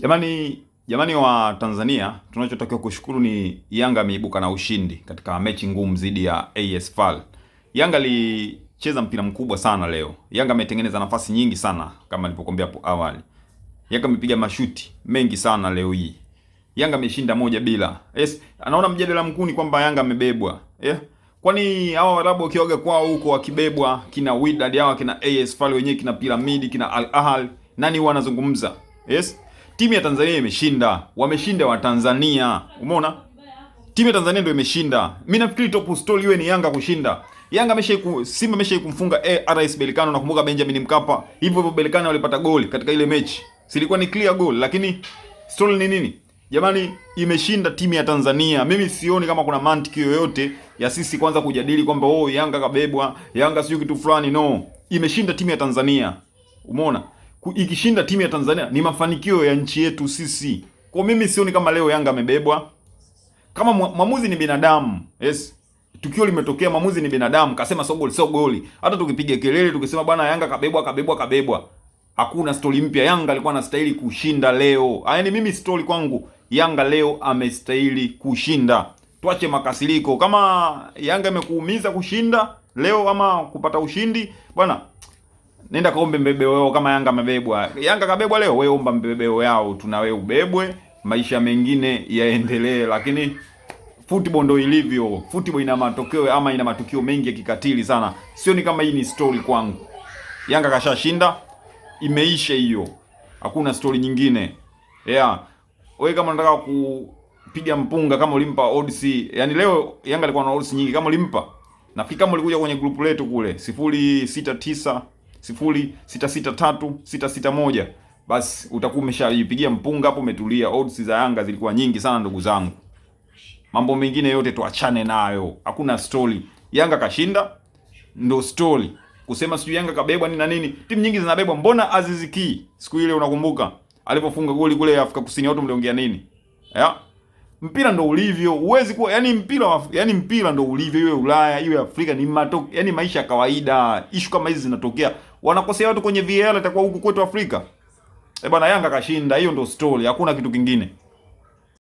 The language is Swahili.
Jamani, jamani wa Tanzania, tunachotakiwa kushukuru ni Yanga ameibuka na ushindi katika mechi ngumu dhidi ya AS FAR. Yanga alicheza mpira mkubwa sana leo. Yanga ametengeneza nafasi nyingi sana kama nilivyokuambia hapo awali. Yanga amepiga mashuti mengi sana leo hii. Yanga ameshinda moja bila. Yes, anaona mjadala mkuu ni kwamba Yanga amebebwa. Yeah. Kwani hawa Waarabu wakioga kwao huko wakibebwa kina Wydad hawa kina AS FAR wenyewe kina Piramidi kina Al Ahly nani wanazungumza? Yes? timu ya Tanzania imeshinda, wameshinda wa Tanzania. Umeona, timu ya Tanzania ndio imeshinda. Mimi nafikiri top story iwe ni Yanga kushinda. Yanga amesha Simba amesha kumfunga eh, RS Berkane. Nakumbuka Benjamin Mkapa, hivyo hivyo Berkane walipata goli katika ile mechi, silikuwa ni clear goal, lakini story ni nini jamani? Imeshinda timu ya Tanzania. Mimi sioni kama kuna mantiki yoyote ya sisi kwanza kujadili kwamba oh, Yanga kabebwa, Yanga sio kitu fulani. No, imeshinda timu ya Tanzania. Umeona? ikishinda timu ya Tanzania ni mafanikio ya nchi yetu sisi. Kwa mimi sioni kama leo Yanga amebebwa. Kama mwamuzi ni binadamu. Yes. Tukio limetokea, mwamuzi ni binadamu, kasema so goli so goli. Hata tukipiga kelele tukisema bwana Yanga kabebwa kabebwa kabebwa. Hakuna stori mpya. Yanga alikuwa anastahili kushinda leo. Yaani mimi stori kwangu Yanga leo amestahili kushinda. Tuache makasiriko. Kama Yanga imekuumiza kushinda leo ama kupata ushindi, bwana Nenda kaombe mbebeo wao kama Yanga amebebwa. Yanga kabebwa leo, wewe omba mbebeo yao, tuna wewe ubebwe, maisha mengine yaendelee, lakini football ndio ilivyo. Football ina matokeo ama ina matukio mengi ya kikatili sana. Sio ni kama hii ni story kwangu. Yanga kashashinda, imeisha hiyo. Hakuna story nyingine. Yeah. Wewe kama unataka kupiga mpunga kama ulimpa odds, yani leo Yanga alikuwa na odds nyingi kama ulimpa. Nafikiri kama ulikuja kwenye group letu kule 069 0663661, basi utakuwa umeshaipigia mpunga hapo, umetulia. Odds za Yanga zilikuwa nyingi sana ndugu zangu. Mambo mengine yote tuachane nayo, hakuna story. Yanga kashinda ndo story, kusema sijui Yanga kabebwa nini na nini. Timu nyingi zinabebwa, mbona Aziziki siku ile, unakumbuka alipofunga goli kule Afrika Kusini, watu mliongea nini? Ya? Mpira ndo ulivyo, huwezi kuwa yani mpira yani mpira ndo ulivyo, iwe Ulaya iwe Afrika, ni matok, yani maisha ya kawaida. Ishu kama hizi zinatokea wanakosea watu kwenye VAR itakuwa huku kwetu Afrika. Eh, bwana Yanga kashinda, hiyo ndio story, hakuna kitu kingine.